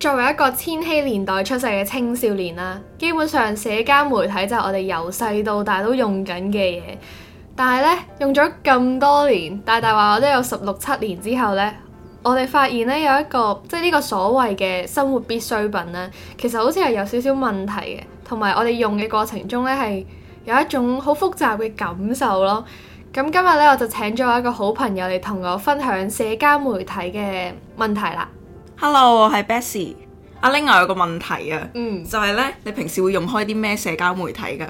作為一個千禧年代出世嘅青少年啦，基本上社交媒體就係我哋由細到大都用緊嘅嘢。但係呢，用咗咁多年，大大話話都有十六七年之後呢，我哋發現呢，有一個即係呢個所謂嘅生活必需品呢，其實好似係有少少問題嘅，同埋我哋用嘅過程中呢，係有一種好複雜嘅感受咯。咁今日呢，我就請咗一個好朋友嚟同我分享社交媒體嘅問題啦。Hello，我係 Bessy。阿 Ling 啊，有個問題啊，嗯，就係咧，你平時會用開啲咩社交媒體噶？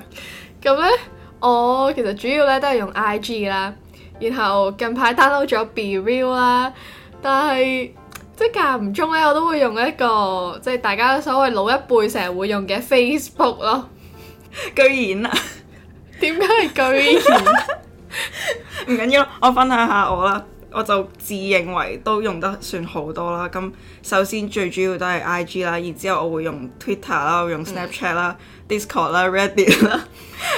咁咧，嗯，我其實主要咧都係用 IG 啦，然後近排 download 咗 BeReal 啦，但係即係間唔中咧，我都會用一個即係大家所謂老一輩成日會用嘅 Facebook 咯。居然啊？點解係居然？唔緊要，我分享下我啦。我就自認為都用得算好多啦。咁首先最主要都係 IG 啦，然之後我會用 Twitter 啦，我用 Snapchat 啦、嗯、Discord 啦，Reddit 啦。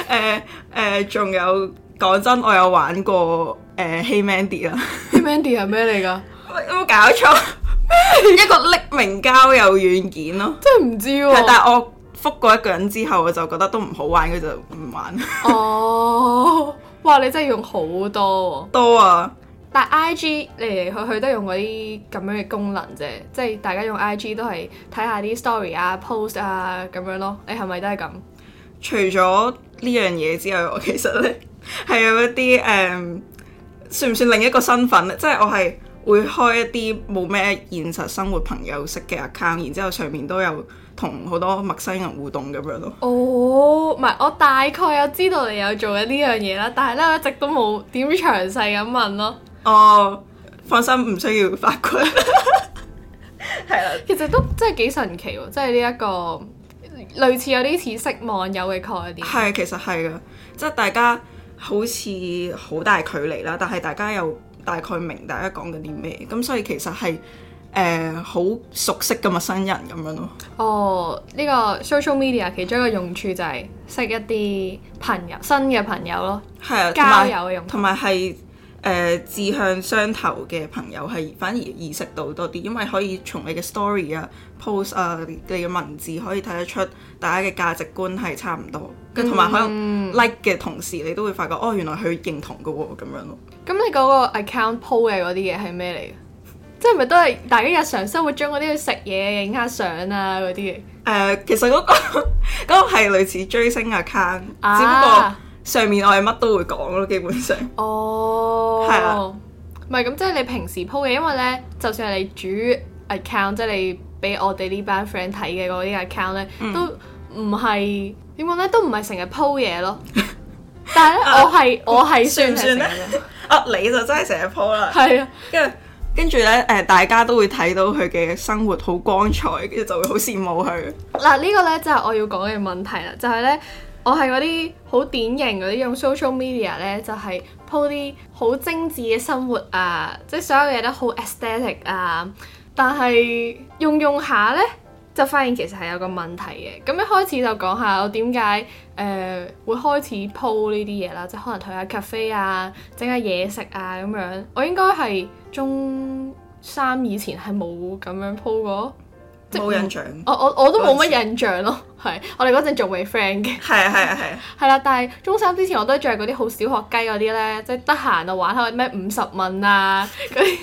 誒、呃、誒，仲、呃、有講真，我有玩過誒、呃、Hey Mandy 啦。Hey Mandy 係咩嚟噶？有冇 搞錯？ 一個匿名交友軟件咯？真係唔知喎、啊。但係我覆過一個人之後，我就覺得都唔好玩，佢就唔玩。哦 ，oh, 哇！你真係用好多多啊！但 IG 嚟嚟去去都用嗰啲咁樣嘅功能啫，即係大家用 IG 都係睇下啲 story 啊、post 啊咁樣咯。你係咪都係咁？是是是，除咗呢樣嘢之外，我其實咧係 有一啲誒，um, 算唔算另一個身份咧？即係我係會開一啲冇咩現實生活朋友識嘅 account，然之後上面都有同好多陌生人互動咁樣咯。哦，唔係，我大概有知道你有做緊呢樣嘢啦，但係咧我一直都冇點詳細咁問咯。哦，放心，唔需要發掘，係 啦。其實都真係幾神奇喎，即係呢一個類似有啲似識網友嘅概念。係，其實係嘅，即係大家好似好大距離啦，但係大家又大概明大家講緊啲咩，咁所以其實係誒好熟悉嘅陌生人咁樣咯。哦，呢個 social media 其中一個用處就係識一啲朋友，新嘅朋友咯，係啊，交友用，同埋係。誒志、呃、向相投嘅朋友係反而意識到多啲，因為可以從你嘅 story 啊、post 啊，啊、你嘅文字可以睇得出大家嘅價值觀係差唔多，跟同埋可能 like 嘅同時，你都會發覺哦，原來佢認同嘅喎咁樣咯。咁、嗯、你嗰個 account post 嘅嗰啲嘢係咩嚟嘅？ 即係咪都係大家日常生活中嗰啲去食嘢、影下相啊嗰啲嘢？誒、呃，其實嗰、嗰個嗰 個係類似追星 account，只不過。啊上面我係乜都會講咯，基本上。哦、oh, 了。係啊。唔係咁，即係你平時鋪嘅，因為咧，就算係你主 account，即係你俾我哋、嗯、呢班 friend 睇嘅嗰啲 account 咧，都唔係點講咧，都唔係成日鋪嘢咯。 但係咧，我係我係算唔算咧？啊，你就真係成日鋪啦。係啊。跟住，跟住咧，誒，大家都會睇到佢嘅生活好光彩，跟住就會好羨慕佢。嗱、啊，呢、呢個咧就係我要講嘅問題啦，就係、係、咧。我係嗰啲好典型嗰啲用 social media 呢，就係鋪啲好精緻嘅生活啊，即係所有嘢都好 aesthetic 啊。但係用用下呢，就發現其實係有個問題嘅。咁一開始就講下我點解誒會開始鋪呢啲嘢啦，即係可能退下 cafe 啊，整下嘢食啊咁樣。我應該係中三以前係冇咁樣鋪過。冇印象，啊、我我我都冇乜印象咯，係 我哋嗰陣仲未 friend 嘅。係啊係啊係啊，係啦， 但係中三之前我都係着嗰啲好小學雞嗰啲咧，即係得閒啊玩下咩五十蚊啊嗰啲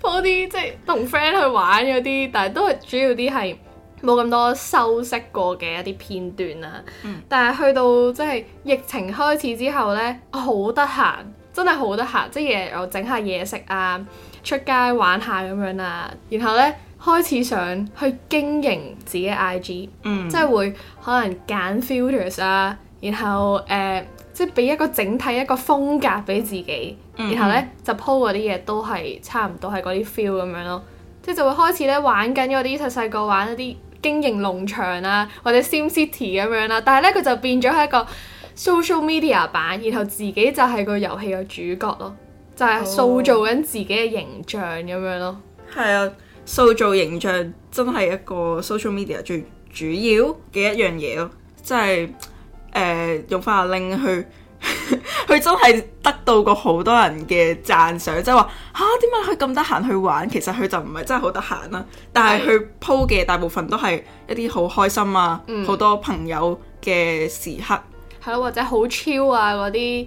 po 啲即係同 friend 去玩嗰啲，但係都係主要啲係冇咁多修飾過嘅一啲片段啊。嗯、但係去到即係疫情開始之後咧，好得閒，真係好得閒，即係又整下嘢食啊，出街玩下咁樣啦，然後咧。開始想去經營自己嘅 IG，即係會可能揀 filters 啊，然後誒，即係俾一個整體一個風格俾自己，然後呢，就 po 嗰啲嘢都係差唔多係嗰啲 feel 咁樣咯。即係就會開始呢玩緊嗰啲細細個玩嗰啲經營農場啊，或者 SimCity 咁樣啦。但係呢，佢就變咗係一個 social media 版，然後自己就係個遊戲嘅主角咯，就係塑造緊自己嘅形象咁樣咯。係啊。塑造形象真係一個 social media 最主要嘅一樣嘢咯，即係誒用翻阿 Link 去佢真係得到過好多人嘅讚賞，即係話嚇點解佢咁得閒去玩？其實佢就唔係真係好得閒啦，但係佢 po 嘅大部分都係一啲好開心啊，好、嗯、多朋友嘅時刻，係咯，或者好 chill 啊嗰啲誒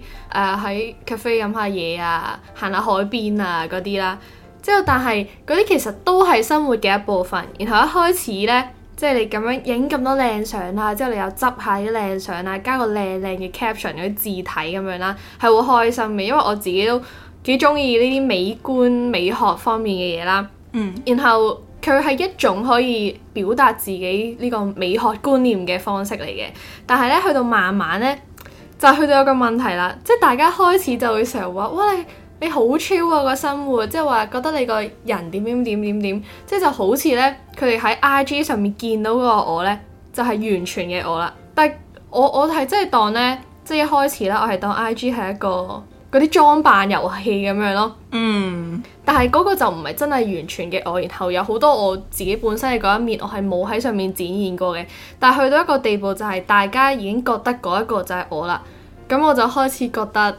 喺 cafe 飲下嘢啊，行下、呃啊、海邊啊嗰啲啦。之後，但係嗰啲其實都係生活嘅一部分。然後一開始呢，即係你咁樣影咁多靚相啦，之後你又執下啲靚相啊，加個靚靚嘅 caption 嗰啲字體咁樣啦，係好開心嘅。因為我自己都幾中意呢啲美觀美學方面嘅嘢啦。嗯。然後佢係一種可以表達自己呢個美學觀念嘅方式嚟嘅。但係呢，去到慢慢呢，就去到有一個問題啦。即係大家開始就會成日話：喂，你……」你好超啊！個生活即係話覺得你個人點點點點點，即係就好似呢，佢哋喺 IG 上面見到嗰個我呢，就係完全嘅我啦。但係我我係真係當呢，即係一開始咧，我係當 IG 係一個嗰啲裝扮遊戲咁樣咯。嗯。但係嗰個就唔係真係完全嘅我，然後有好多我自己本身嘅一面，我係冇喺上面展現過嘅。但係去到一個地步，就係大家已經覺得嗰一個就係我啦。咁我就開始覺得。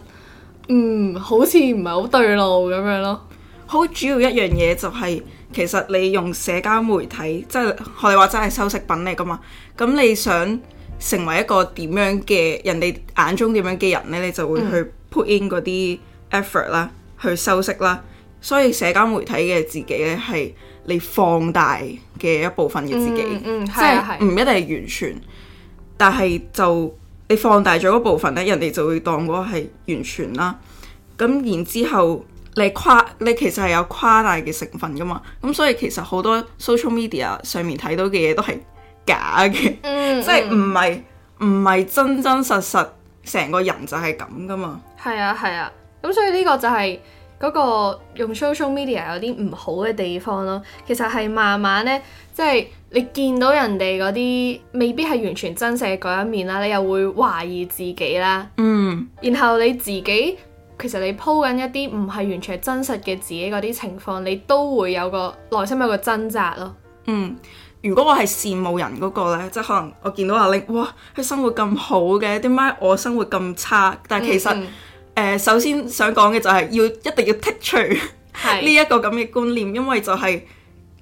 嗯，好似唔係好對路咁樣咯。好主要一樣嘢就係、是，其實你用社交媒體，即係學你話真係修飾品嚟噶嘛。咁你想成為一個點樣嘅人哋眼中點樣嘅人呢？你就會去 put in 嗰啲 effort 收啦，去修飾啦。所以社交媒體嘅自己呢，係你放大嘅一部分嘅自己，即係唔一定係完全，但係就。你放大咗嗰部分咧，人哋就會當嗰個係完全啦。咁然之後你誇，你其實係有誇大嘅成分噶嘛。咁所以其實好多 social media 上面睇到嘅嘢都係假嘅，嗯嗯、即係唔係唔係真真實實成個人就係咁噶嘛。係啊係啊，咁、啊、所以呢個就係、是。嗰個用 social media 有啲唔好嘅地方咯，其實係慢慢呢，即係你見到人哋嗰啲未必係完全真實嘅嗰一面啦，你又會懷疑自己啦。嗯。然後你自己其實你鋪緊一啲唔係完全真實嘅自己嗰啲情況，你都會有個內心有個掙扎咯。嗯。如果我係羨慕人嗰個呢，即係可能我見到啊你，哇，佢生活咁好嘅，點解我生活咁差？但係其實。嗯嗯呃，首先想講嘅就係要一定要剔除呢一是 個咁嘅觀念，因為就係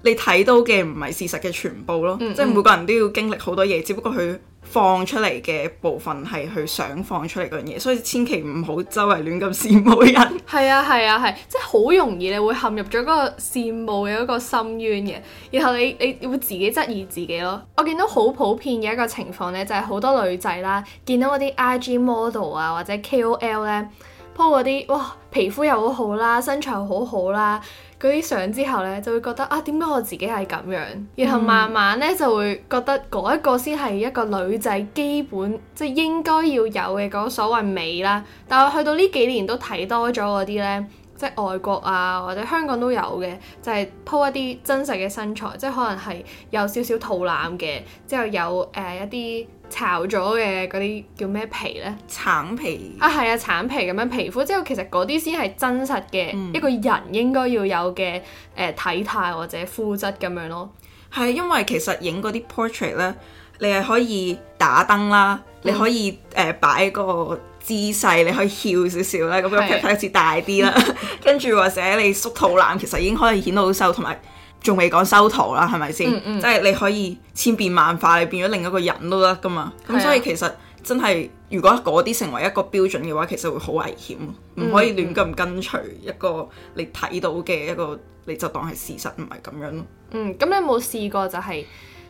你睇到嘅唔係事實嘅全部咯，嗯嗯，即係每個人都要經歷好多嘢，只不過佢。放出嚟嘅部分係佢想放出嚟嗰樣嘢，所以千祈唔好周圍亂咁羨慕人。係啊係啊係，即係好容易你會陷入咗嗰個羨慕嘅一個深淵嘅，然後你你會自己質疑自己咯。 我見到好普遍嘅一個情況、啊、呢，就係好多女仔啦，見到嗰啲 IG model 啊或者 KOL 呢，po 嗰啲哇皮膚又好好啦，身材好好啦。 嗰啲相之後咧，就會覺得啊，點解我自己係咁樣？嗯、然後慢慢咧就會覺得嗰一個先係一個女仔基本即係、就是、應該要有嘅嗰所謂美啦。但我去到呢幾年都睇多咗嗰啲咧，即係外國啊或者香港都有嘅，就係、是、po 一啲真實嘅身材，即係可能係有少少肚腩嘅，之後有誒、呃、一啲。炒咗嘅嗰啲叫咩皮呢？橙皮啊，係啊，橙皮咁樣皮膚，即係其實嗰啲先係真實嘅一個人應該要有嘅誒、嗯呃、體態或者膚質咁樣咯。係因為其實影嗰啲 portrait 呢，你係可以打燈啦，嗯、你可以誒擺、呃、個姿勢，你可以笑少少、嗯嗯、啦，咁樣 effect 一次大啲啦。跟住或者你縮肚腩，其實已經可以顯到好瘦同埋。仲未講修圖啦，係咪先？嗯嗯、即係你可以千變萬化，你變咗另一個人都得噶嘛。咁、啊、所以其實真係，如果嗰啲成為一個標準嘅話，其實會好危險，唔、嗯、可以亂咁跟隨一個你睇到嘅一個，你就當係事實唔係咁樣咯。嗯，咁你有冇試過就係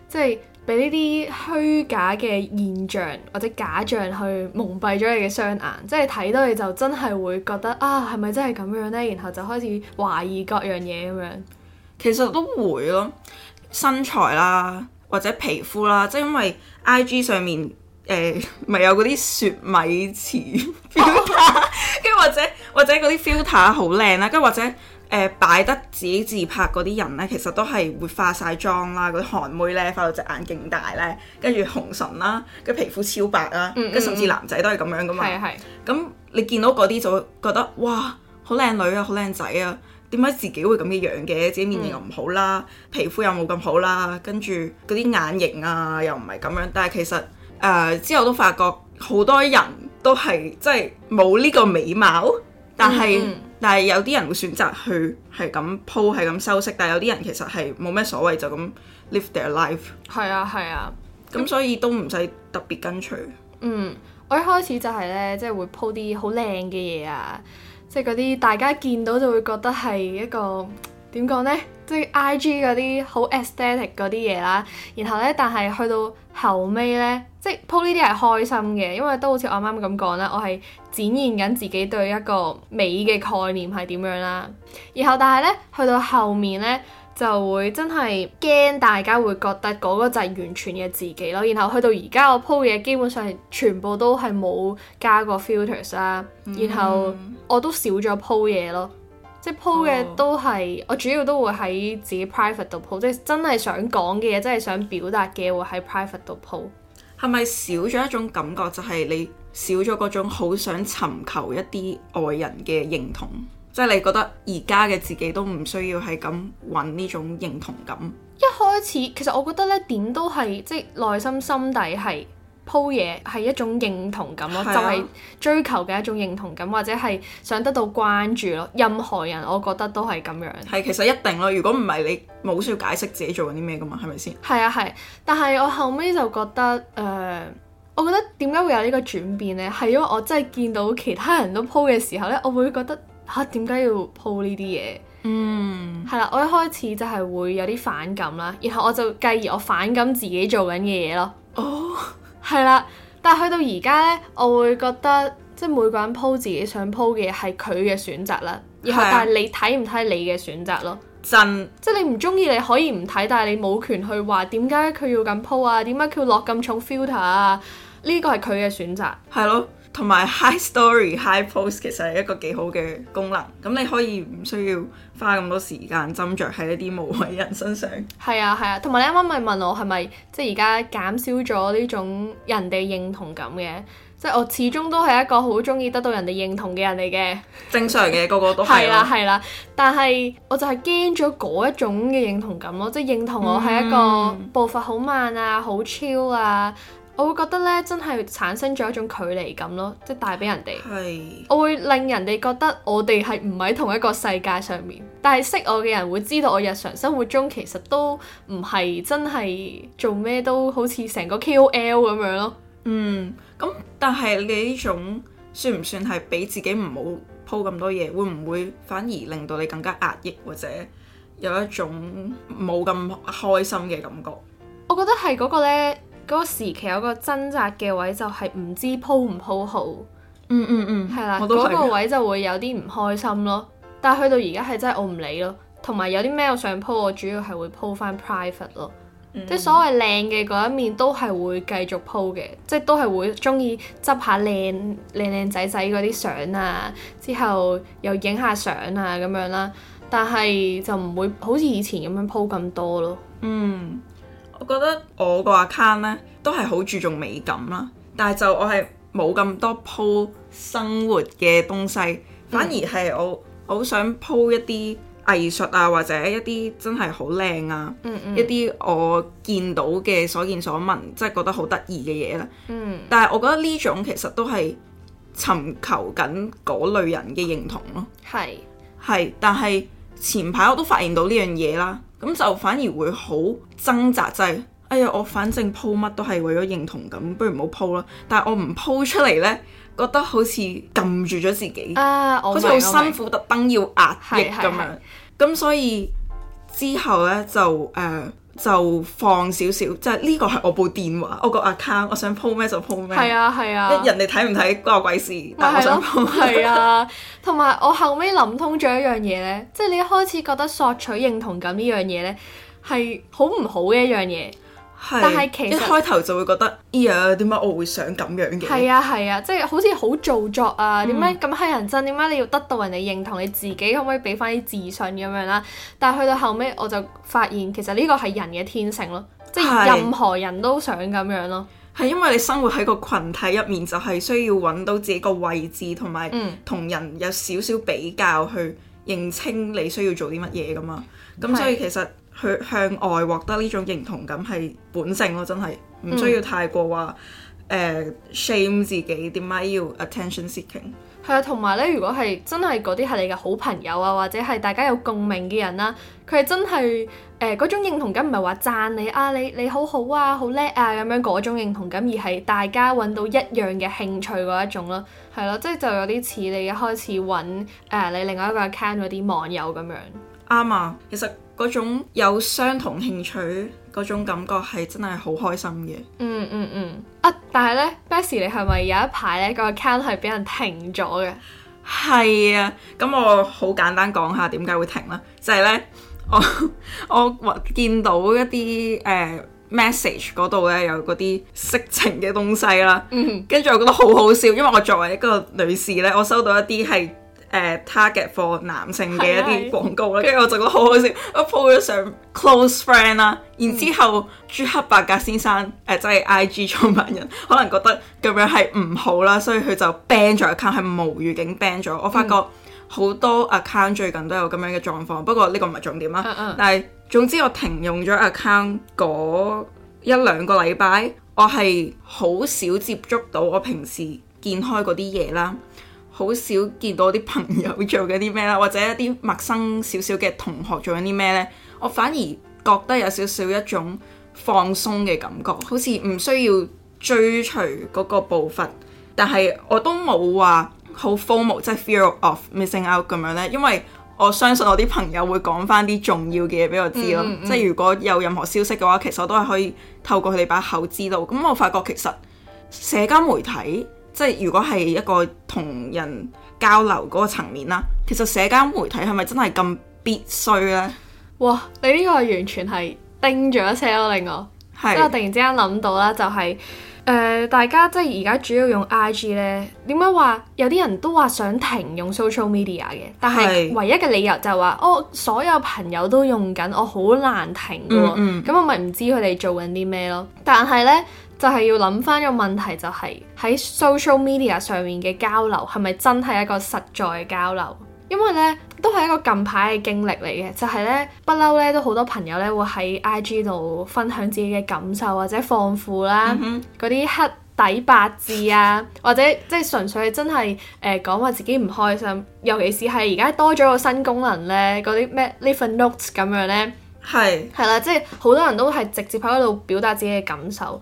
即係俾呢啲虛假嘅現象或者假象去蒙蔽咗你嘅雙眼？即係睇到你就真係會覺得啊，係咪真係咁樣呢？然後就開始懷疑各樣嘢咁樣。其實都會咯，身材啦或者皮膚啦，即係因為 IG 上面誒咪、呃、有嗰啲雪米糍 filter，跟或者或者嗰啲 filter 好靚啦，跟住或者誒、呃、擺得自己自拍嗰啲人咧，其實都係會化晒妝啦，嗰啲韓妹咧化到隻眼勁大咧，跟住紅唇啦，跟皮膚超白啦，跟、嗯嗯、甚至男仔都係咁樣噶嘛。咁是你見到嗰啲就會覺得哇，好靚女啊，好靚仔啊！點解自己會咁嘅樣嘅？自己面型又唔好啦，嗯、皮膚又冇咁好啦，跟住嗰啲眼型啊又唔係咁樣。但係其實誒、呃、之後都發覺好多人都係即係冇呢個美貌，但係、嗯、但係有啲人會選擇去係咁 po 係咁修飾，但係有啲人其實係冇咩所謂就咁 live their life。係啊係啊，咁、啊、所以都唔使特別跟隨。嗯，我一開始就係咧，即、就、係、是、會 po 啲好靚嘅嘢啊。即係嗰啲大家見到就會覺得係一個點講呢？即係 IG 嗰啲好 aesthetic 嗰啲嘢啦。然後呢，但係去到後尾呢，即係 po 呢啲係開心嘅，因為都好似我啱啱咁講啦，我係展現緊自己對一個美嘅概念係點樣啦。然後但係呢，去到後面呢。就會真係驚大家會覺得嗰個就係完全嘅自己咯。然後去到而家我 p 嘢基本上全部都係冇加過 filters 啦、啊。嗯、然後我都少咗 p 嘢咯。即係 p 嘅都係、哦、我主要都會喺自己 private 度 p 即係真係想講嘅嘢，真係想表達嘅會喺 private 度 po。係咪少咗一種感覺？就係你少咗嗰種好想尋求一啲外人嘅認同。即係你覺得而家嘅自己都唔需要係咁搵呢種認同感。一開始其實我覺得呢點都係，即係內心心底係鋪嘢係一種認同感咯，啊、就係追求嘅一種認同感，或者係想得到關注咯。任何人我覺得都係咁樣。係其實一定咯，如果唔係你冇需要解釋自己做緊啲咩噶嘛，係咪先？係啊係，但係我後尾就覺得誒、呃，我覺得點解會有呢個轉變呢？係因為我真係見到其他人都鋪嘅時候呢，我會覺得。嚇點解要 po 呢啲嘢？嗯，係啦，我一開始就係會有啲反感啦，然後我就繼而我反感自己做緊嘅嘢咯。哦，係啦，但係去到而家呢，我會覺得即係每個人 po 自己想 po 嘅嘢係佢嘅選擇啦。然後但係你睇唔睇你嘅選擇咯？真的，即係你唔中意你可以唔睇，但係你冇權去話點解佢要咁 po 要啊？點解佢要落咁重 filter 啊？呢個係佢嘅選擇，係咯。同埋 high story high post 其實係一個幾好嘅功能，咁你可以唔需要花咁多時間斟酌喺一啲無謂人身上。係啊係啊，同埋你啱啱咪問我係咪即係而家減少咗呢種人哋認同感嘅，即係我始終都係一個好中意得到人哋認同嘅人嚟嘅。正常嘅，個個都係啦。係啦係啦，但係我就係驚咗嗰一種嘅認同感咯，即係認同我係一個步伐好慢啊，好 chill 啊。嗯我會覺得咧，真係產生咗一種距離感咯，即係帶俾人哋。係是。我會令人哋覺得我哋係唔喺同一個世界上面。但係識我嘅人會知道我日常生活中其實都唔係真係做咩都好似成個 KOL 咁樣咯。嗯，咁但係你呢種算唔算係俾自己唔好鋪咁多嘢？會唔會反而令到你更加壓抑或者有一種冇咁開心嘅感覺？我覺得係嗰個咧。嗰個時期有個掙扎嘅位就係唔知 p 唔 p 好。嗯，嗯嗯嗯，係啦的，嗰個位就會有啲唔開心咯。但去到而家係真係我唔理咯，同埋有啲咩我想 p 我主要係會 po 翻 private 咯。嗯、即所謂靚嘅嗰一面都係會繼續 p 嘅，即都係會中意執下靚靚靚仔仔嗰啲相啊，之後又影下相啊咁樣啦。但係就唔會好似以前咁樣 p 咁多咯。嗯。我覺得我個 account 咧都係好注重美感啦，但係就我係冇咁多 po 生活嘅東西，反而係我我好想 po 一啲藝術啊，或者一啲真係好靚啊，嗯嗯一啲我見到嘅所見所聞，即係覺得好得意嘅嘢咧。嗯，但係我覺得呢種其實都係尋求緊嗰類人嘅認同咯。係係，係，但係前排我都發現到呢樣嘢啦。咁就反而會好掙扎，就係、是、哎呀，我反正鋪乜都係為咗認同，咁不如唔好鋪啦。但係我唔鋪出嚟呢，覺得好似撳住咗自己，啊，我覺得好辛苦，特登要壓抑咁樣。咁、uh, 所以之後呢，就誒。Uh, 就放少少，即係呢個係我部電話，我個 account，我想 po 咩就 po 咩，係啊係啊，啊人哋睇唔睇關我鬼事，但係想 po 係、哦、啊，同埋、 啊、我後尾諗通咗一樣嘢呢，即係你一開始覺得索取認同感呢樣嘢呢，係好唔好嘅一樣嘢。是但係其實一開頭就會覺得，哎呀，點解我會想咁樣嘅？係啊係啊，即係、啊就是、好似好做作啊，點解咁乞人憎？點解你要得到人哋認同？你自己可唔可以俾翻啲自信咁樣啦？但係去到後尾，我就發現其實呢個係人嘅天性咯、啊，即、就、係、是、任何人都想咁樣咯、啊。係因為你生活喺個群體入面，就係需要揾到自己個位置，同埋同人有少少比較去認清你需要做啲乜嘢噶嘛。咁所以其實。去向外獲得呢種認同感係本性咯，真係唔需要太過話誒、嗯呃、shame 自己點解要 attention seeking。係啊，同埋咧，如果係真係嗰啲係你嘅好朋友啊，或者係大家有共鳴嘅人啦、啊，佢係真係誒嗰種認同感唔係話讚你啊，你你好好啊，好叻啊咁樣嗰種認同感，而係大家揾到一樣嘅興趣嗰一種咯、啊，係咯，即係就有啲似你一開始揾誒、呃、你另外一個 account 嗰啲網友咁樣。啱、嗯、啊，其實。嗰種有相同興趣嗰種感覺係真係好開心嘅、嗯。嗯嗯嗯。啊、但係呢 Bessy 你係咪有一排呢個 account 係俾人停咗嘅？係啊，咁我好簡單講下點解會停啦，就係、是、呢，我我見到一啲誒、呃、message 嗰度呢，有嗰啲色情嘅東西啦。跟住、嗯、我覺得好好笑，因為我作為一個女士呢，我收到一啲係。誒、uh, target for 男性嘅一啲廣告啦，跟住我就覺得好好笑，我 po 咗上 close friend 啦，然之後朱克伯格先生誒、即係 IG 創辦人，可能覺得咁樣係唔好啦，所以佢就 ban 咗 account，係無預警 ban 咗。我發覺好多 account 最近都有咁樣嘅狀況，不過呢個唔係重點啦。但係總之我停用咗 account 嗰一兩個禮拜，我係好少接觸到我平時見開嗰啲嘢啦。好少見到啲朋友做緊啲咩啦，或者一啲陌生少少嘅同學做緊啲咩咧，我反而覺得有少少一種放鬆嘅感覺，好似唔需要追隨嗰個步伐，但係我都冇話好 formal，即係 fear of missing out 咁樣咧，因為我相信我啲朋友會講翻啲重要嘅嘢俾我知咯，嗯嗯、即係如果有任何消息嘅話，其實我都係可以透過佢哋把口知道。咁我發覺其實社交媒體。即係如果係一個同人交流嗰個層面啦，其實社交媒體係咪真係咁必須呢？哇！你呢個完全係叮咗一聲咯，令我即係是突然之間諗到啦，就係、是、誒、呃、大家即係而家主要用 IG 呢？點解話有啲人都話想停用 social media 嘅？但係唯一嘅理由就係、是、話是哦，所有朋友都用緊，我好難停喎。咁、嗯嗯、我咪唔知佢哋做緊啲咩咯。但係呢。就係要諗翻個問題、就是，就係喺 social media 上面嘅交流係咪真係一個實在嘅交流？因為呢都係一個近排嘅經歷嚟嘅，就係、是、呢不嬲呢都好多朋友咧會喺 IG 度分享自己嘅感受，或者放庫啦，嗰啲、嗯、哼黑底白字啊，或者即係純粹真係誒講話自己唔開心。尤其是係而家多咗個新功能呢嗰啲咩 live notes 咁樣呢，係係是啦，即係好多人都係直接喺度表達自己嘅感受。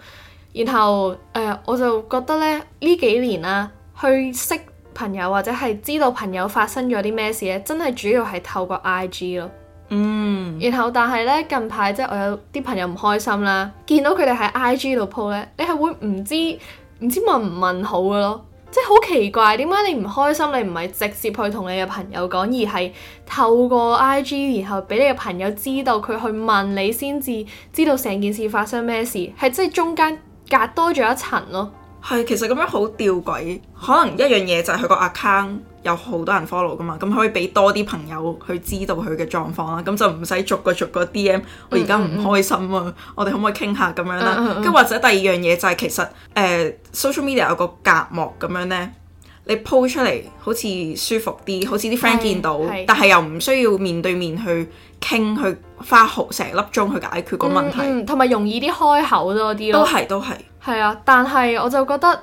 然後誒、呃，我就覺得咧呢幾年啦、啊，去識朋友或者係知道朋友發生咗啲咩事咧，真係主要係透過 IG 咯。嗯。然後但係咧近排即係我有啲朋友唔開心啦，見到佢哋喺 IG 度 po 咧，你係會唔知唔知問唔問好嘅咯？即係好奇怪，點解你唔開心，你唔係直接去同你嘅朋友講，而係透過 IG，然後俾你嘅朋友知道佢去問你先至知道成件事發生咩事，係即係中間。隔多咗一層咯，係其實咁樣好吊詭，可能一樣嘢就係佢個 account 有好多人 follow 噶嘛，咁可以俾多啲朋友去知道佢嘅狀況啦，咁就唔使逐個逐個 DM、嗯。我而家唔開心啊，嗯嗯、我哋可唔可以傾下咁樣啦？跟、嗯嗯嗯、或者第二樣嘢就係其實誒 social media 有個隔膜咁樣呢，你 po 出嚟好似舒服啲，好似啲 friend 見到，但係又唔需要面對面去傾去。花好成粒鐘去解決個問題，同埋、嗯嗯、容易啲開口多啲咯。都係，都係。係啊，但係我就覺得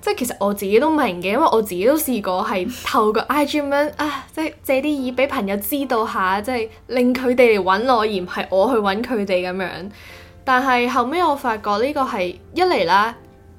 即係其實我自己都明嘅，因為我自己都試過係透過 IG 咁樣啊，即係借啲意俾朋友知道下，即係令佢哋嚟揾我，而唔係我去揾佢哋咁樣。但係後尾我發覺呢個係一嚟啦，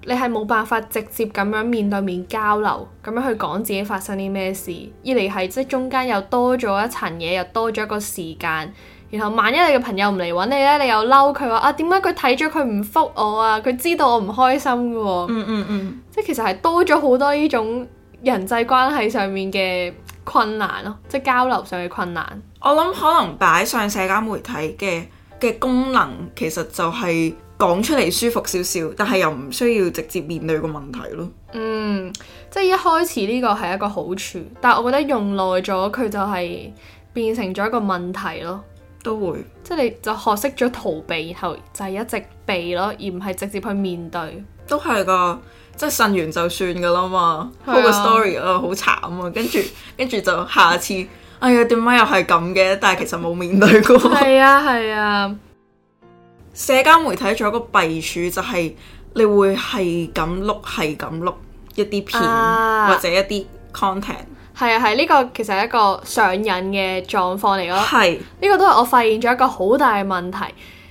你係冇辦法直接咁樣面對面交流，咁樣去講自己發生啲咩事；二嚟係即係中間又多咗一層嘢，又多咗一個時間。然後萬一你嘅朋友唔嚟揾你呢，你又嬲佢話啊，點解佢睇咗佢唔覆我啊？佢知道我唔開心嘅喎、哦嗯。嗯嗯嗯。即係其實係多咗好多呢種人際關係上面嘅困難咯，即係交流上嘅困難。我諗可能擺上社交媒體嘅嘅功能，其實就係講出嚟舒服少少，但係又唔需要直接面對個問題咯。嗯，即係一開始呢個係一個好處，但係我覺得用耐咗佢就係變成咗一個問題咯。都會，即係你就學識咗逃避，然後就係一直避咯，而唔係直接去面對。都係噶，即係呻完就算噶啦嘛，鋪個 story 啊，好慘啊，跟住跟住就下次， 哎呀點解又係咁嘅？但係其實冇面對過。係啊係啊，啊社交媒體仲有一個弊處就係，你會係咁碌，係咁碌一啲片、啊、或者一啲 content。係啊，係呢、呢個其實係一個上癮嘅狀況嚟咯。係呢是個都係我發現咗一個好大嘅問題。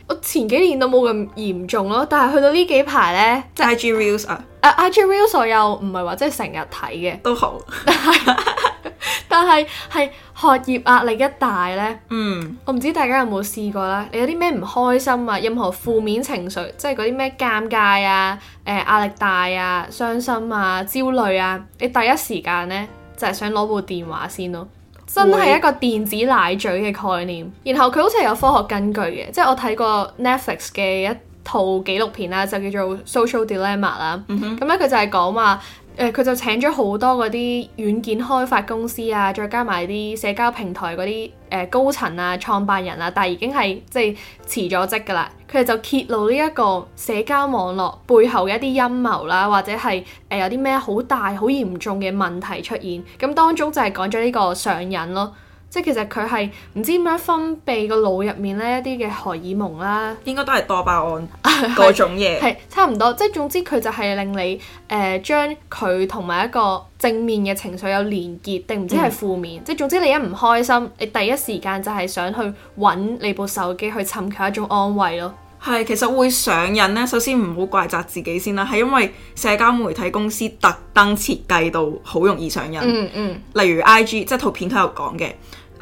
我前幾年都冇咁嚴重咯，但係去到呢幾排呢，即係 IG Reels 啊，誒、uh，IG Reels 又唔係話即係成日睇嘅都好， 但係係學業壓力一大呢。嗯，我唔知大家有冇試過啦？你有啲咩唔開心啊？任何負面情緒，即係嗰啲咩尷尬啊、誒、呃、壓力大啊、傷心啊、焦慮啊，你第一時間呢。就係想攞部電話先咯，真係一個電子奶嘴嘅概念。會然後佢好似係有科學根據嘅，即係我睇過 Netflix 嘅一套紀錄片啦，就叫做 so mma,、嗯哼《Social Dilemma》啦。咁咧佢就係講話。誒佢、呃、就請咗好多嗰啲軟件開發公司啊，再加埋啲社交平台嗰啲誒高層啊、創辦人啊，但係已經係即係辭咗職㗎啦。佢哋就揭露呢一個社交網絡背後嘅一啲陰謀啦，或者係誒、呃、有啲咩好大好嚴重嘅問題出現。咁當中就係講咗呢個上癮咯。即係其實佢係唔知點樣分泌個腦入面呢一啲嘅荷爾蒙啦、啊，應該都係多巴胺嗰種嘢， 係差唔多。即係總之佢就係令你誒、呃、將佢同埋一個正面嘅情緒有連結，定唔知係負面。嗯、即係總之你一唔開心，你第一時間就係想去揾你部手機去尋求一種安慰咯。係，其實會上癮呢，首先唔好怪責自己先啦，係因為社交媒體公司特登設計到好容易上癮。嗯嗯。例如 IG，即係圖片都有講嘅。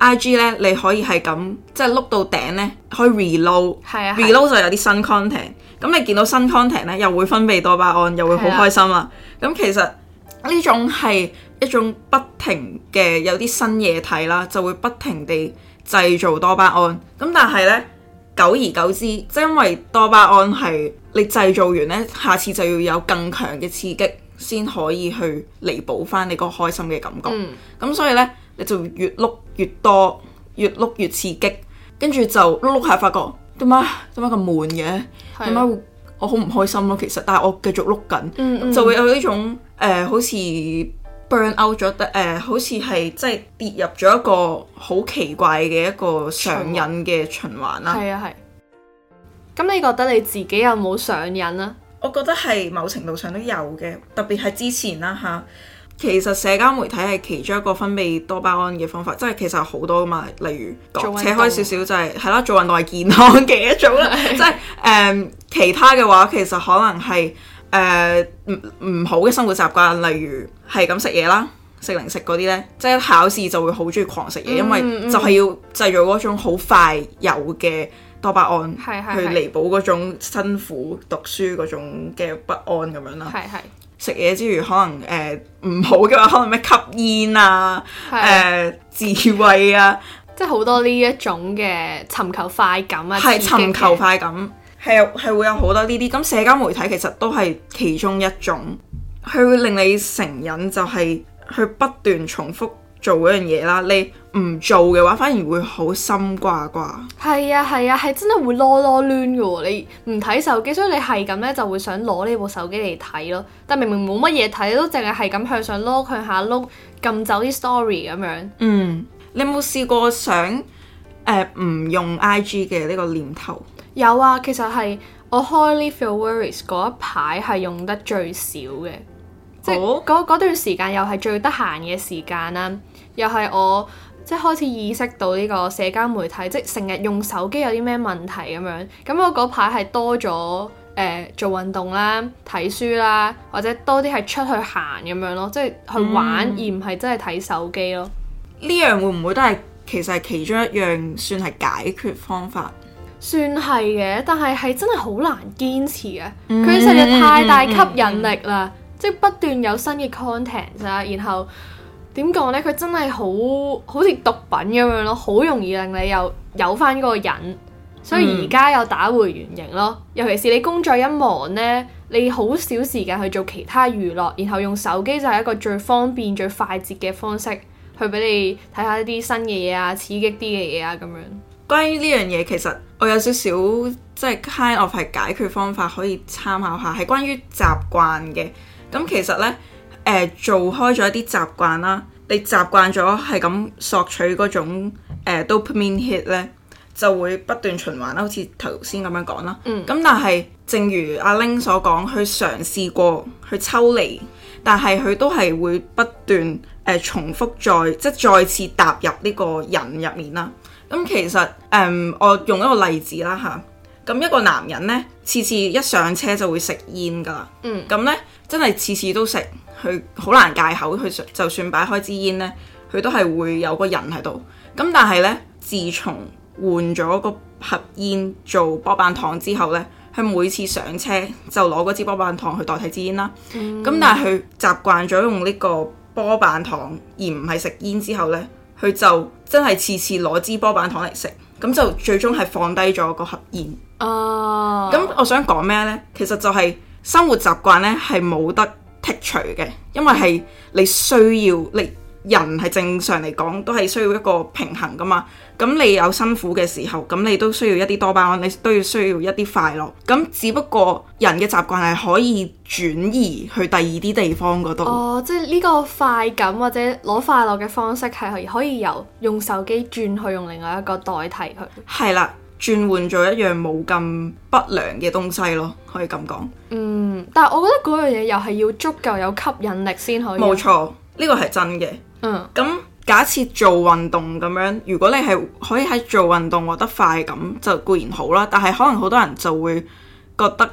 IG 咧，你可以係咁，即係碌到頂咧，可以 reload，reload 就有啲新 content。咁你見到新 content 咧，又會分泌多巴胺，又會好開心是啊！咁其實呢種係一種不停嘅有啲新嘢睇啦，就會不停地製造多巴胺。咁但係咧，久而久之，即係因為多巴胺係你製造完咧，下次就要有更強嘅刺激先可以去彌補翻你個開心嘅感覺。咁、嗯、所以咧。你就越碌越多，越碌越刺激，跟住就碌碌下，發覺點解點解咁悶嘅？點解的我好唔開心咯？其實，但係我繼續碌緊，嗯嗯嗯就會有呢種誒、呃，好似 burn out 咗，誒、呃，好似係即係跌入咗一個好奇怪嘅一個上癮嘅循環啦，啊。係啊係。咁你覺得你自己有冇上癮啊？我覺得係某程度上都有嘅，特別係之前啦吓。其實社交媒體係其中一個分泌多巴胺嘅方法，即係其實好多噶嘛。例如扯開少少就係、是、係啦，做運動係健康嘅一種啦。 的即係誒、um, 其他嘅話，其實可能係誒唔唔好嘅生活習慣，例如係咁食嘢啦，食零食嗰啲咧。即係考試就會好鍾意狂食嘢，嗯、因為就係要製造嗰種好快有嘅多巴胺，係係的去彌補嗰種辛苦讀書嗰種嘅不安咁樣啦。係係的。的食嘢之餘，可能誒唔、呃、好嘅話，可能咩吸煙啊、誒自慰啊，即係好多呢一種嘅尋求快感啊。係是尋求快感，係係會有好多呢啲。咁社交媒體其實都係其中一種，佢會令你成癮、就係，就係去不斷重複。做嗰樣嘢啦，你唔做嘅話，反而會好心掛掛。係啊，係啊，係真係會囉囉攣嘅喎。你唔睇手機，所以你係咁呢就會想攞呢部手機嚟睇咯。但明明冇乜嘢睇，都淨係係咁向上碌、向下碌，撳走啲 story 咁樣。嗯。你有冇試過想、呃、唔用 IG 嘅呢個念頭？有啊，其實係我開 Leave Your Worries 嗰一排係用得最少嘅，oh? 即係嗰段時間又係最得閒嘅時間啦、啊。又係我即係開始意識到呢個社交媒體，即係成日用手機有啲咩問題咁樣。咁我嗰排係多咗誒、呃、做運動啦、睇書啦，或者多啲係出去行咁樣咯，即係去玩、嗯、而唔係真係睇手機咯。呢樣會唔會都係其實係其中一樣算係解決方法？算係嘅，但係係真係好難堅持啊！佢實在太大吸引力啦，即係不斷有新嘅 content 啊，然後。點講呢？佢真係好好似毒品咁樣咯，好容易令你又有翻個癮，所以而家又打回原形咯。嗯、尤其是你工作一忙呢，你好少時間去做其他娛樂，然後用手機就係一個最方便、最快捷嘅方式去俾你睇下一啲新嘅嘢啊、刺激啲嘅嘢啊咁樣。關於呢樣嘢，其實我有少少即係 kind of 係解決方法可以參考下，係關於習慣嘅。咁其實呢。誒做開咗一啲習慣啦，你習慣咗係咁索取嗰種 double mean hit 咧，呃、 就會不斷循環啦。好似頭先咁樣講啦，咁、嗯、但係正如阿 Ling 所講，去嘗試過去抽離，但係佢都係會不斷誒、呃、重複再即係再次踏入呢個人入面啦。咁、嗯、其實誒、呃，我用一個例子啦嚇。咁一個男人呢，次次一上車就會食煙噶啦。嗯，咁呢真係次次都食，佢好難戒口。佢就算擺開支煙呢，佢都係會有個人喺度。咁但係呢，自從換咗個盒煙做波板糖之後呢，佢每次上車就攞支波板糖去代替支煙啦。咁、嗯、但係佢習慣咗用呢個波板糖而唔係食煙之後呢，佢就真係次次攞支波板糖嚟食。咁就最終係放低咗個盒煙。哦，咁我想講咩呢？其實就係生活習慣呢，係冇得剔除嘅，因為係你需要，你人係正常嚟講都係需要一個平衡㗎嘛。咁你有辛苦嘅時候，咁你都需要一啲多巴胺，你都要需要一啲快樂。咁只不過人嘅習慣係可以轉移去第二啲地方嗰度。哦，即係呢個快感或者攞快樂嘅方式係可以由用手機轉去用另外一個代替佢。係啦，轉換咗一樣冇咁不良嘅東西咯，可以咁講。嗯，但係我覺得嗰樣嘢又係要足夠有吸引力先可以。冇錯，呢個係真嘅。嗯。咁。假設做運動咁樣，如果你係可以喺做運動獲得快感，就固然好啦。但係可能好多人就會覺得誒、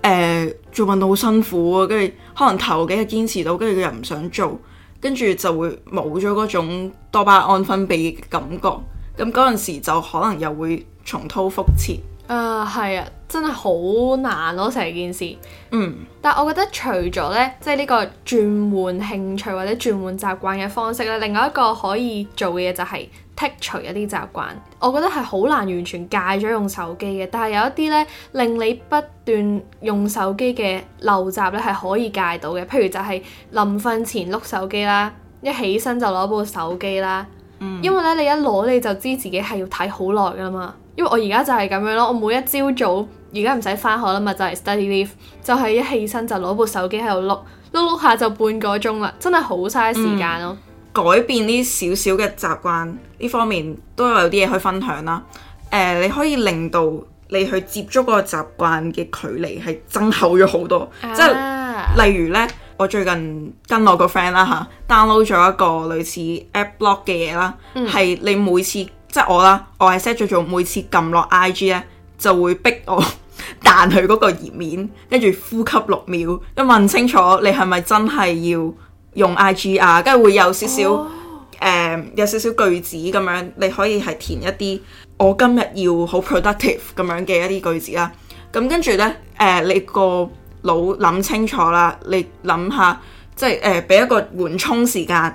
呃、做運動好辛苦，跟住可能頭幾日堅持到，跟住佢又唔想做，跟住就會冇咗嗰種多巴胺分泌嘅感覺。咁嗰陣時就可能又會重蹈覆轍。Uh, 啊，係啊。真係好難咯，啊，成件事。嗯，但係我覺得除咗呢，即係呢個轉換興趣或者轉換習慣嘅方式咧，另外一個可以做嘅嘢就係剔除一啲習慣。我覺得係好難完全戒咗用手機嘅，但係有一啲呢，令你不斷用手機嘅陋習呢，係可以戒到嘅。譬如就係臨瞓前碌手機啦，一起身就攞部手機啦。嗯，因為呢，你一攞你就知自己係要睇好耐噶啦嘛。因為我而家就係咁樣咯，我每一朝早。而家唔使返學啦嘛，就係、是、study leave，就係一起身就攞部手機喺度碌碌碌下，就半個鐘啦，真係好嘥時間咯、嗯。改變呢少少嘅習慣，呢方面都有啲嘢去分享啦。誒、呃，你可以令到你去接觸個習慣嘅距離係增厚咗好多。Uh huh. 即係例如呢，我最近跟我個 friend 啦嚇 download 咗一個類似 App Block 嘅嘢啦，係、uh huh. 你每次即係我啦，我係 set 咗做每次撳落 IG 咧就會逼我。 彈佢嗰個頁面，跟住呼吸六秒，一問清楚你係咪真係要用 I G R，啊、跟會有少少誒、oh. 呃，有少少句子咁樣，你可以係填一啲我今日要好 productive 咁樣嘅一啲句子啦。咁跟住咧，誒、呃，你個腦諗清楚啦，你諗下即係誒，俾、呃、一個緩衝時間，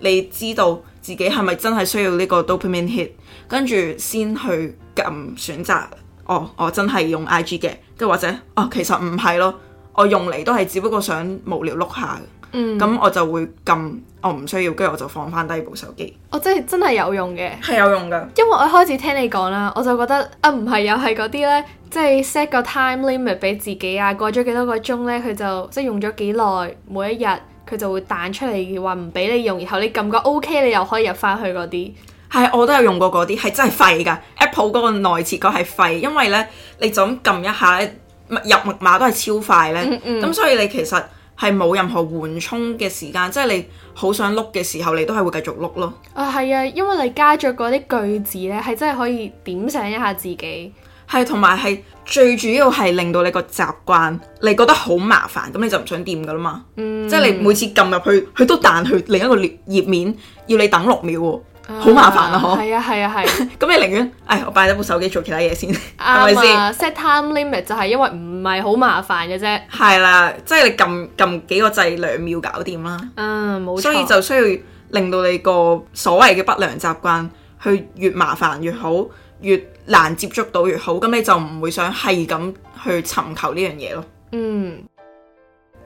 你知道自己係咪真係需要呢個 dopamine hit，跟住先去撳選擇。哦，我真係用 IG 嘅，即係或者哦，其實唔係咯，我用嚟都係只不過想無聊碌下嘅。嗯，咁我就會撳我唔需要，跟住我就放翻低部手機。我、哦、真係真係有用嘅，係有用噶。因為我開始聽你講啦，我就覺得啊，唔係又係嗰啲呢，即係 set 個 time limit 俾自己啊，過咗幾多個鐘呢，佢就即係用咗幾耐，每一日佢就會彈出嚟話唔俾你用，然後你撳個 OK 你又可以入翻去嗰啲。係，我都有用過嗰啲，係真係廢㗎。Apple 嗰個內設嗰係廢，因為咧，你就咁撳一下咧，入密碼都係超快咧。咁、嗯嗯、所以你其實係冇任何緩衝嘅時間，即、就、係、是、你好想碌嘅時候，你都係會繼續碌咯。啊，係啊，因為你加咗嗰啲句子咧，係真係可以點醒一下自己。係同埋係最主要係令到你個習慣，你覺得好麻煩，咁你就唔想掂㗎喇嘛。即係、嗯、你每次撳入去，佢都彈去另一個頁頁面，要你等六秒喎。好、uh, 麻煩、uh, okay? 啊！嗬，係啊，係啊，係、啊。咁 你寧願唉，我擺咗部手機做其他嘢先，係咪先？set time limit 就係因為唔係好麻煩嘅啫，係、就是、啦，即係你撳撳幾個掣兩秒搞掂啦。嗯，冇錯。所以就需要令到你個所謂嘅不良習慣去越麻煩越好，越難接觸到越好。咁你就唔會想係咁去尋求呢樣嘢咯。嗯。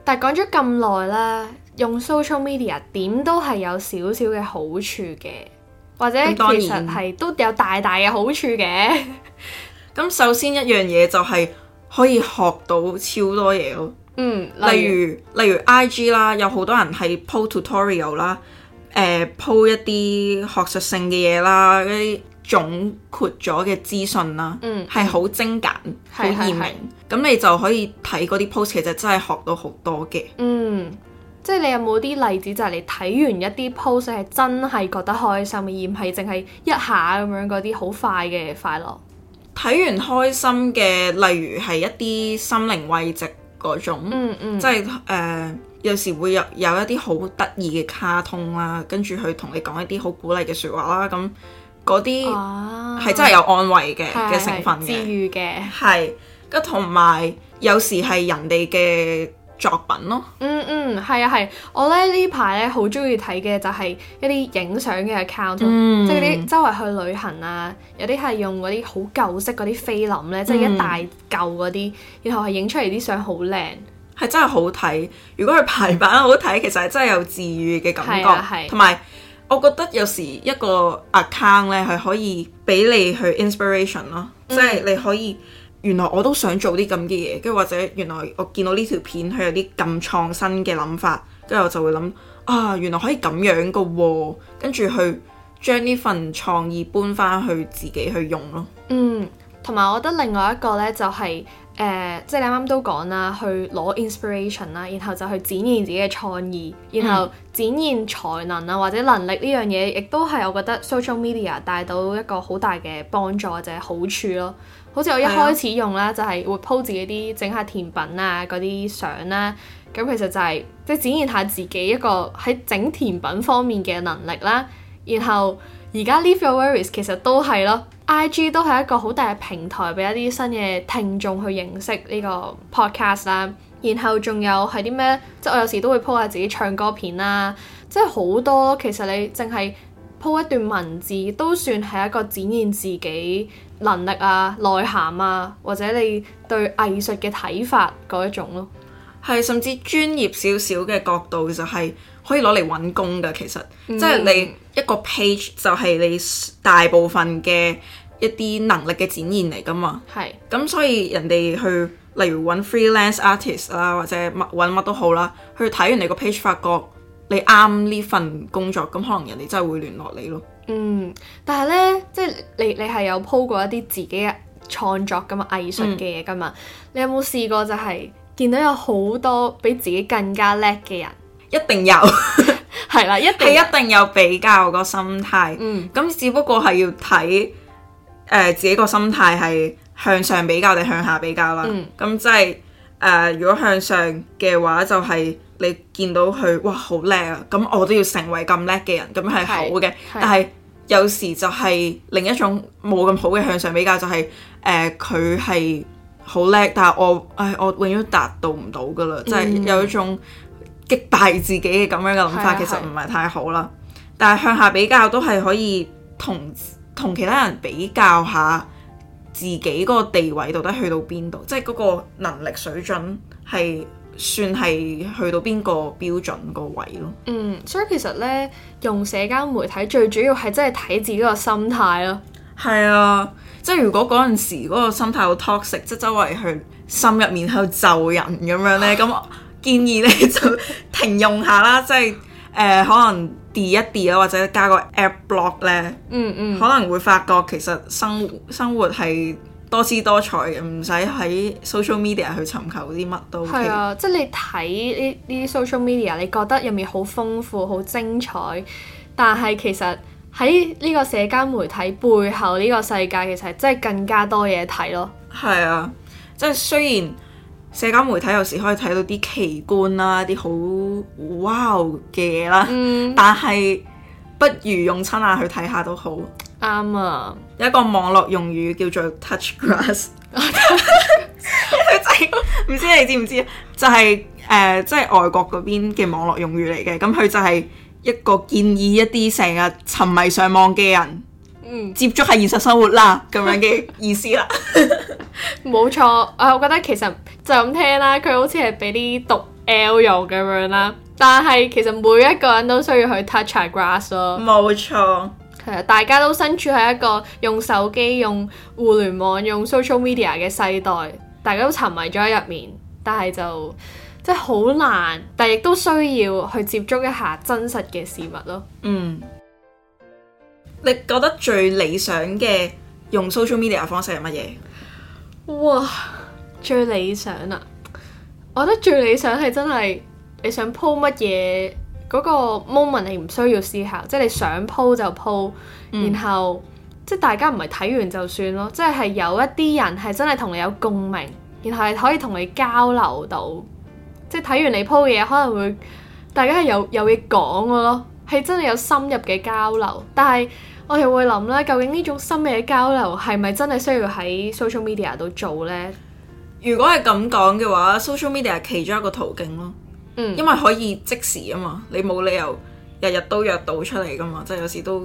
但係講咗咁耐咧，用 social media, 用 social media 點都係有少少嘅好處嘅。或者當然其實係都有大大嘅好處嘅。咁 首先一樣嘢就係可以學到超多嘢咯。嗯，例如例如，例如 I G 啦，有好多人係 po tutorial 啦，誒、呃、po 一啲學術性嘅嘢啦，一啲總括咗嘅資訊啦，嗯，係好精簡，好易明。咁你就可以睇嗰啲 post，其實真係學到好多嘅。嗯。即係你有冇啲例子，就係、是、你睇完一啲 post 係真係覺得開心，而唔係淨係一下咁樣嗰啲好快嘅快樂。睇完開心嘅，例如係一啲心靈慰藉嗰種，即係誒有時會有有一啲好得意嘅卡通啦，跟住佢同你講一啲好鼓勵嘅説話啦，咁嗰啲係真係有安慰嘅嘅、啊、成分嘅，係。咁同埋有時係人哋嘅作品咯，嗯嗯，係、嗯、啊係、啊，我咧呢排咧好中意睇嘅就係一啲影相嘅 account、嗯、即係啲周圍去旅行啊，有啲係用嗰啲好舊式嗰啲菲林咧，即係一大嚿嗰啲，然後係影出嚟啲相好靚，係真係好睇。如果佢排版好睇， 其實係真係有治愈嘅感覺，同埋、啊啊、我覺得有時一個 account 咧係可以俾你去 inspiration 咯、嗯，即係你可以。原來我都想做啲咁嘅嘢，跟住或者原來我見到呢條片，佢有啲咁創新嘅諗法，跟住我就會諗啊，原來可以咁樣㗎喎、哦，跟住去將呢份創意搬翻去自己去用咯。嗯，同埋我覺得另外一個呢、就是呃，就係誒，即係你啱啱都講啦，去攞 inspiration 啦，然後就去展現自己嘅創意，然後展現才能啊或者能力呢樣嘢，亦都係我覺得 social media 帶到一個好大嘅幫助或者好處咯。好似我一開始用啦，的就係會 po 自己啲整下甜品啊嗰啲相啦，咁、啊、其實就係即係展示下自己一個喺整甜品方面嘅能力啦、啊。然後而家 Leave Your Worries 其實都係咯，IG 都係一個好大嘅平台俾一啲新嘅聽眾去認識呢個 podcast 啦、啊。然後仲有係啲咩，即、就、係、是、我有時都會 po 下自己唱歌片啦、啊，即係好多其實你淨係。鋪一段文字都算係一個展現自己能力啊、內涵啊，或者你對藝術嘅睇法嗰一種咯。係甚至專業少少嘅角度就係可以攞嚟揾工噶，其實即係、嗯、你一個 page 就係你大部分嘅一啲能力嘅展現嚟噶嘛。係咁是，所以人哋去例如揾 freelance artist 啦、啊，或者乜乜都好啦，去睇完你個 page，發覺，你啱呢份工作，咁可能人哋真係會聯絡你咯。嗯，但係咧，即係你你係有 po 過一啲自己創作嘅嘛藝術嘅嘢嘅嘛？嗯、你有冇試過就係見到有好多比自己更加叻嘅人一定、 啊？一定有，係啦，一定一定有比較個心態。嗯，咁只不過係要睇誒、呃、自己個心態係向上比較定向下比較啦。嗯，咁即係誒，如果向上嘅話，就係、是。你見到佢哇好叻啊，咁我都要成為咁叻嘅人，咁樣係好嘅。但係有時就係另一種冇咁好嘅向上比較，就是，就係誒佢係好叻，但係我誒我永遠達到唔到噶啦，即係、嗯、有一種擊敗自己嘅咁樣嘅諗法，其實唔係太好啦。但係向下比較都係可以同同其他人比較下自己嗰個地位到底去到邊度，即係嗰個能力水準係。算係去到邊個標準個位咯？嗯，所以其實咧，用社交媒體最主要係真係睇自己心、啊、個、個心態咯。係啊，即係如果嗰陣時嗰個心態好 toxic，即係周圍去心入面喺度咒人咁樣咧，咁建議你就停用下啦。 即係誒、呃，可能 delete 一 delete 或者加個 app block 咧。嗯嗯，可能會發覺其實生活生活係，多姿多彩嘅，唔使喺 social media 去尋求啲乜都。係啊，即係你睇呢呢啲 social media，你覺得入面好豐富、好精彩，但係其實喺呢個社交媒體背後呢個世界，其實真係更加多嘢睇咯。係啊，即係雖然社交媒體有時可以睇到啲奇觀啦、啲好 wow 嘅嘢啦，嗯，但係。不如用親眼去睇下都好啱啊！有一個網絡用語叫做 Touch Grass，唔、 就係、知你知唔知就係、是、誒，即、呃、係、就係、外國嗰邊嘅網絡用語嚟嘅，咁佢就係一個建議一啲成日沉迷上網嘅人，嗯，接觸下現實生活啦，咁、嗯、樣嘅意思啦。冇 錯，我覺得其實就咁聽啦，佢好似係俾啲毒 L 用咁樣啦，但係其實每一個人都需要去 touch 下 grass 咯。冇錯，係啊，大家都身處喺一個用手機、用互聯網、用 social media 嘅世代，大家都沉迷咗喺入面，但係就即係好難，但亦都需要去接觸一下真實嘅事物咯。嗯，你覺得最理想嘅用 social media 嘅方式係乜嘢？哇，最理想啦～我覺得最理想係真係你想 po 乜嘢嗰個 moment，你唔需要思考，即係你想 po 就 po、嗯、然後即係大家唔係睇完就算咯，即係有一啲人係真係同你有共鳴，然後係可以同你交流到，即係睇完你 po 嘅嘢可能會大家係有有嘢講嘅咯，係真係有深入嘅交流。但係我哋會諗啦，究竟呢種深嘅交流係咪真係需要喺 social media 度做呢？如果係咁講嘅話，social media 係其中一個途徑咯，嗯、因為可以即時啊嘛，你冇理由日日都約到出嚟噶嘛，即係有時都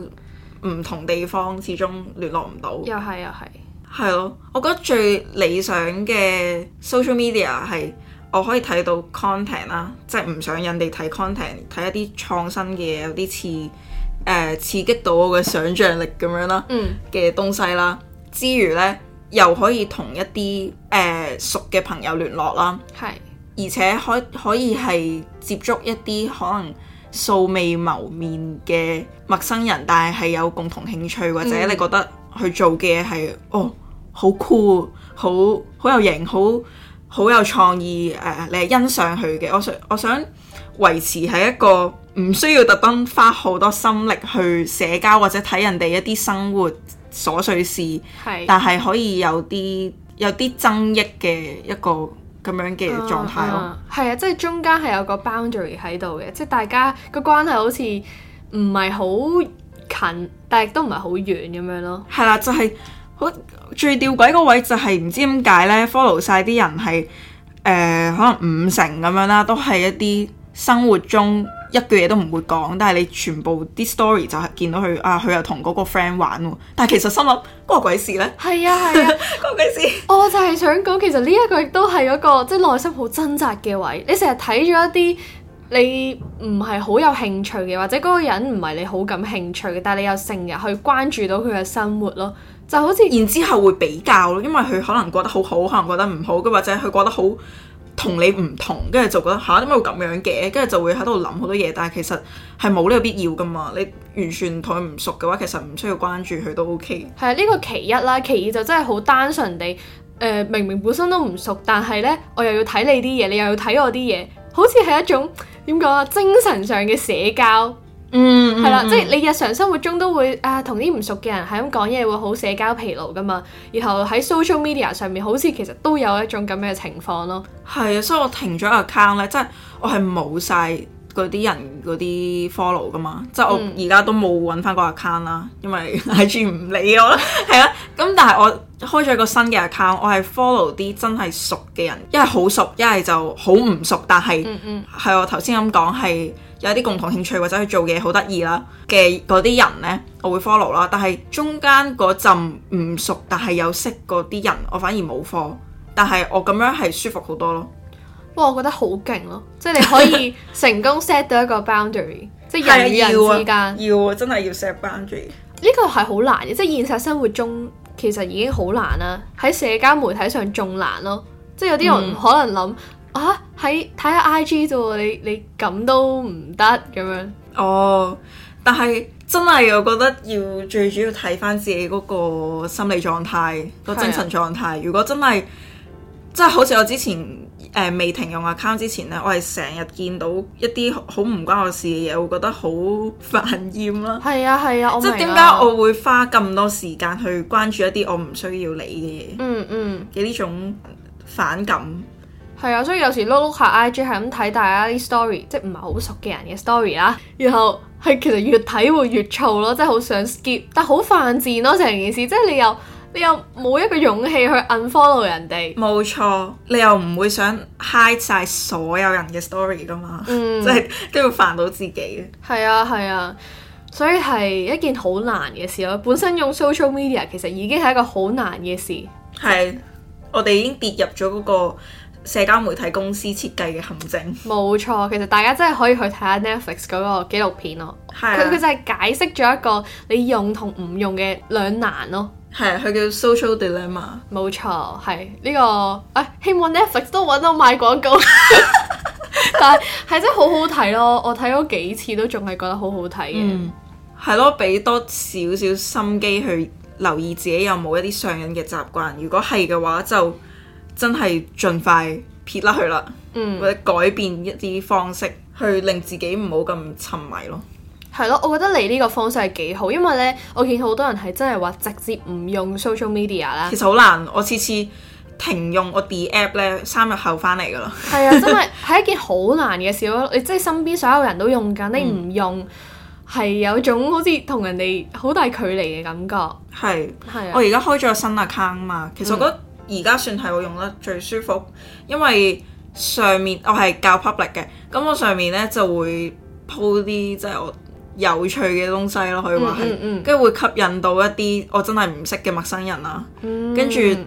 唔同地方，始終聯絡唔到。又係又係，係咯。我覺得最理想嘅 social media 係我可以睇到 content 啦，即係唔想人哋睇 content，睇一啲創新嘅嘢，有啲似誒刺激到我嘅想像力咁樣啦嘅東西啦、嗯，之餘呢。又可以同一啲誒、呃、熟嘅朋友聯絡啦，係是，而且可以可以係接觸一啲可能素未謀面嘅陌生人，但係係有共同興趣或者你覺得去做嘅嘢係哦好酷，好好有型，好好有創意誒、呃，你係欣賞佢嘅。我想我想維持係一個唔需要特登花好多心力去社交或者睇人哋一啲生活瑣碎事，是但係可以有啲有啲爭議嘅一個咁樣嘅狀態咯。係啊，啊，啊，啊，即係中間係有個 boundary 喺度嘅，即係大家個關係好似唔係好近，但係都唔係好遠咁樣咯。係啦、啊，就係、是、好很最吊詭個位就係唔知點解呢 follow 晒啲人係誒可能五成咁樣啦，都係一啲生活中。一句嘢都唔會講，但係你全部啲 story 就係見到佢啊，佢又同嗰個 friend 玩喎。但係其實心諗，嗰個鬼事呢？係啊係啊，嗰個、啊、 鬼事。我就係想講，其實呢一個亦都係一個即係、就是、內心好掙扎嘅位。你成日睇住一啲你唔係好有興趣嘅，或者嗰個人唔係你好感興趣嘅，但係你又成日去關注到佢嘅生活咯，就好似然之後會比較咯，因為佢可能覺得好好，可能覺得唔好，咁或者佢覺得好。同你唔同，跟住就覺得吓點解會咁樣嘅，跟住就會喺度諗好多嘢。但係其實係冇呢個必要噶嘛。你完全同佢唔熟嘅話，其實唔需要關注佢都 OK。係啊，呢、這個其一啦，其二就真係好單純地，誒、呃、明明本身都唔熟，但係呢，我又要睇你啲嘢，你又要睇我啲嘢，好似係一種點講啊，精神上嘅社交。嗯，係啦、mm hmm.，即係你日常生活中都會啊同啲唔熟嘅人係咁講嘢，會好社交疲勞噶嘛。然後喺 social media 上面，好似其實都有一種咁樣嘅情況咯。係啊，所以我停咗個 account 咧，即係我係冇晒嗰啲人嗰啲 follow 噶嘛。Mm hmm. 即係我而家都冇揾翻嗰個 account 啦，因為 IG 唔理我。係啊，咁但係我開咗一個新嘅 account，我係 follow 啲真係熟嘅人，一係好熟，一係就好唔熟，但係係、mm hmm. 我頭先咁講係。有啲共同興趣或者去做嘢好得意啦嘅嗰啲人呢，我會 follow 啦。但係中間嗰陣唔熟但係又識嗰啲人，我反而冇 follow。但係我咁樣係舒服好多咯。哇！我覺得好勁咯，即係你可以成功 set 到一個 boundary， 即係人與人之間要啊、要啊、真係要 set boundary。呢個係好難嘅，即係現實生活中其實已經好難啦，喺社交媒體上仲難咯。即係有啲人可能諗。嗯啊，喺睇下 IG 啫你你咁都唔得咁樣。哦，但係真係，我覺得要最主要睇返自己嗰個心理狀態、個精神狀態。啊、如果真係，即、就、係、是、好似我之前誒、呃、未停用 account 之前咧，我係成日見到一啲好唔關我事嘅嘢，會覺得好煩厭囉。係啊係啊，即係點解我會花咁多時間去關注一啲我唔需要你嘅嘢、嗯？嗯嗯，嘅呢種反感。係啊，所以有時碌碌下 IG，係咁睇大家啲 story，即係唔係好熟嘅人嘅 story 啦。然後係其實越睇會越燥咯，即係好想 skip，但係好犯賤咯成件事，即係你又你又冇一個勇氣去 unfollow 人哋。冇錯，你又唔會想 hide 晒所有人嘅 story 㗎嘛，嗯、 即係都會煩到自己。係啊係啊，所以係一件好難嘅事咯。本身用 social media 其實已經係一個好難嘅事，係是以我哋已經跌入咗嗰、那個。社交媒體公司設計嘅陷阱，冇錯。其實大家真係可以去睇下 Netflix 嗰個紀錄片咯，佢佢的就係解釋咗一個你用同唔用嘅兩難咯。係，佢叫 Social Dilemma，冇、啊、錯，係呢、這個。誒、哎，希望 Netflix 都揾到賣廣告， 但係係真係好好睇咯。我睇咗幾次都仲係覺得好好睇嘅。係咯、嗯，俾多少少心機去留意自己有冇一啲上癮嘅習慣，如果係嘅話就，真係盡快撇甩佢啦，嗯、或者改變一啲方式，去令自己唔好咁沉迷咯。係咯，我覺得你呢個方式係幾好，因為呢，我見好多人係真係話直接唔用 social media 啦。其實好難，我次次停用我啲 app 呢，三日後翻嚟噶咯。係啊的， 真係係一件好難嘅事咯。你即係身邊所有人都用緊，你唔用係、嗯、有種好似同人哋好大距離嘅感覺。係係的，的我而家開咗個新 account 嘛，其實我覺得。而家算係我用得最舒服，因為上面我係較 public 嘅，咁我上面咧就會鋪啲即係我有趣嘅東西咯，可以話係，跟住、嗯嗯嗯、會吸引到一啲我真係唔識嘅陌生人啦。跟住誒，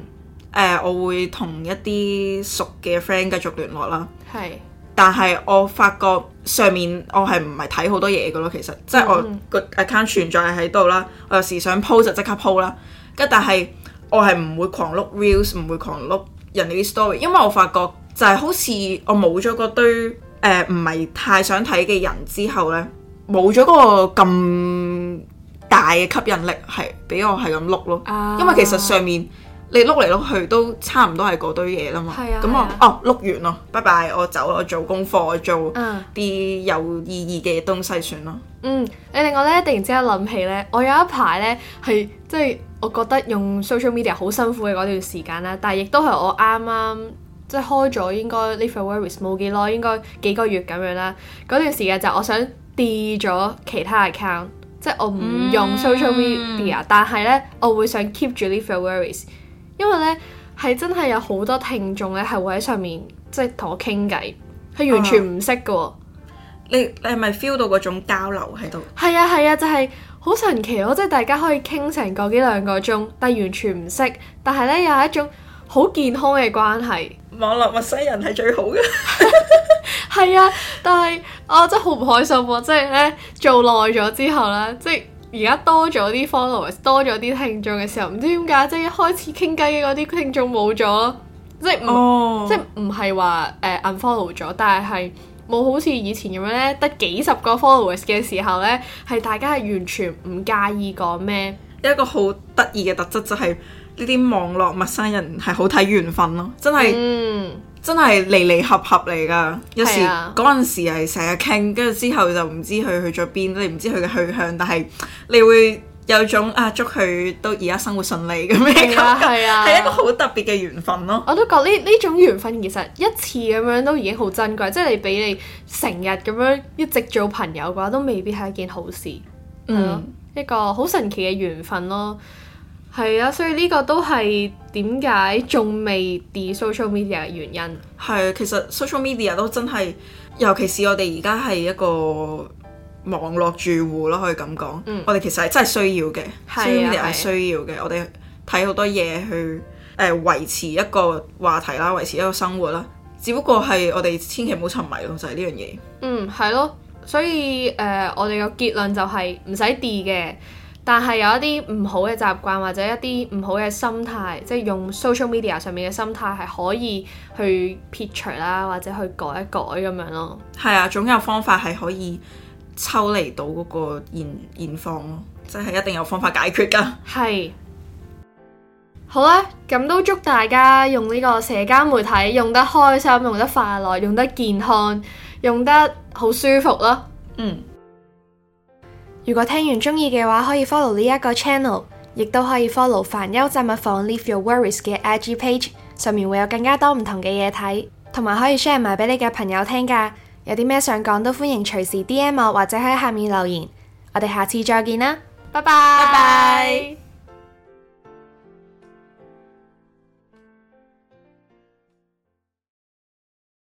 我會同一啲熟嘅 friend 繼續聯絡啦。係是，但係我發覺上面我係唔係睇好多嘢㗎咯，其實即係我個 account 存在喺度啦，我有時想鋪就即刻鋪啦，跟但係。我係唔會狂碌 reels，唔會狂碌人哋啲 story，因為我發覺就係好似我冇咗嗰堆誒唔係太想睇嘅人之後咧，冇咗嗰個咁大嘅吸引力係俾我係咁碌咯。啊、因為其實上面你碌嚟碌去都差唔多係嗰堆嘢啦嘛。咁、啊、我、啊、哦碌完咯拜拜！我走啦，我做功課，我做啲有意義嘅東西算咯。啊嗯嗯，你令我咧突然之間諗起咧，我有一排咧係即係我覺得用 social media 好辛苦嘅嗰段時間啦，但係亦都係我啱啱即係開咗應該 leave your worries 冇幾耐咯，應該幾個月咁樣啦。嗰段時間就我想 delete 咗其他 account，即係我唔用 social media、嗯、但係咧我會想 keep 住 leave your worries，因為咧係真係有好多聽眾咧係會喺上面即係同我傾偈，係完全唔識嘅。啊你你係咪 feel 到嗰種交流喺度？係啊係啊，就係、是、好神奇咯！即、就、係、是、大家可以傾成個幾兩個鐘，但係完全唔識，但係咧又係一種好健康嘅關係。網絡陌生人係最好嘅。係 啊，但係我、哦、真係好唔開心喎、啊！即係咧做耐咗之後咧，即係而家多咗啲 followers，多咗啲聽眾嘅時候，唔知點解即係一開始傾偈嘅嗰啲聽眾冇咗咯，即係唔即係唔係話誒 unfollow 咗，但係係。冇好似以前咁樣咧，得幾十個 followers 嘅時候咧，係大家係完全唔介意講咩。一個好得意嘅特質就係呢啲網絡陌生人係好睇緣分咯，真係、嗯、真係離離合合嚟㗎。有時嗰陣、啊、時係成日傾，跟住之後就唔知佢去咗邊，你唔知佢嘅去向，但係你會。有種啊，祝佢都而家生活順利咁樣咁計，係、啊啊、 一個好特別嘅緣分咯。我都覺呢呢種緣分其實一次咁樣都已經好珍貴，即係你俾你成日咁樣一直做朋友嘅話，都未必係一件好事。係、嗯啊、一個好神奇嘅緣分咯。係啊，所以呢個都係點解仲未 delete social media 嘅原因。係啊，其實 social media 都真係，尤其是我哋而家係一個。網絡住戶咯，可以咁講。我哋其實係真係需要嘅係係需要嘅。我哋睇好多嘢去誒維持一個話題啦，維持一個生活啦。只不過係我哋千祈唔好沉迷咯，就係呢樣嘢。嗯，係咯。所以誒、呃，我哋嘅結論就係唔使 delete 嘅，但係有一啲唔好嘅習慣或者一啲唔好嘅心態，即係用 social media 上面嘅心態係可以去撇除啦，或者去改一改咁樣咯。係啊，總有方法係可以。抽離到嗰個現現況咯，真係一定有方法解決噶。係，好啦，咁都祝大家用呢個社交媒體用得開心，用得快樂，用得健康，用得好舒服咯。嗯，如果聽完中意嘅話，可以 follow 呢一個 channel，亦都可以 follow 煩憂雜物房 Leave Your Worries 嘅 IG page，上面會有更加多唔同嘅嘢睇，同埋可以 share 埋俾你嘅朋友聽噶。有啲咩想講都歡迎隨時 DM 我或者喺下面留言，我哋下次再見啦，拜拜。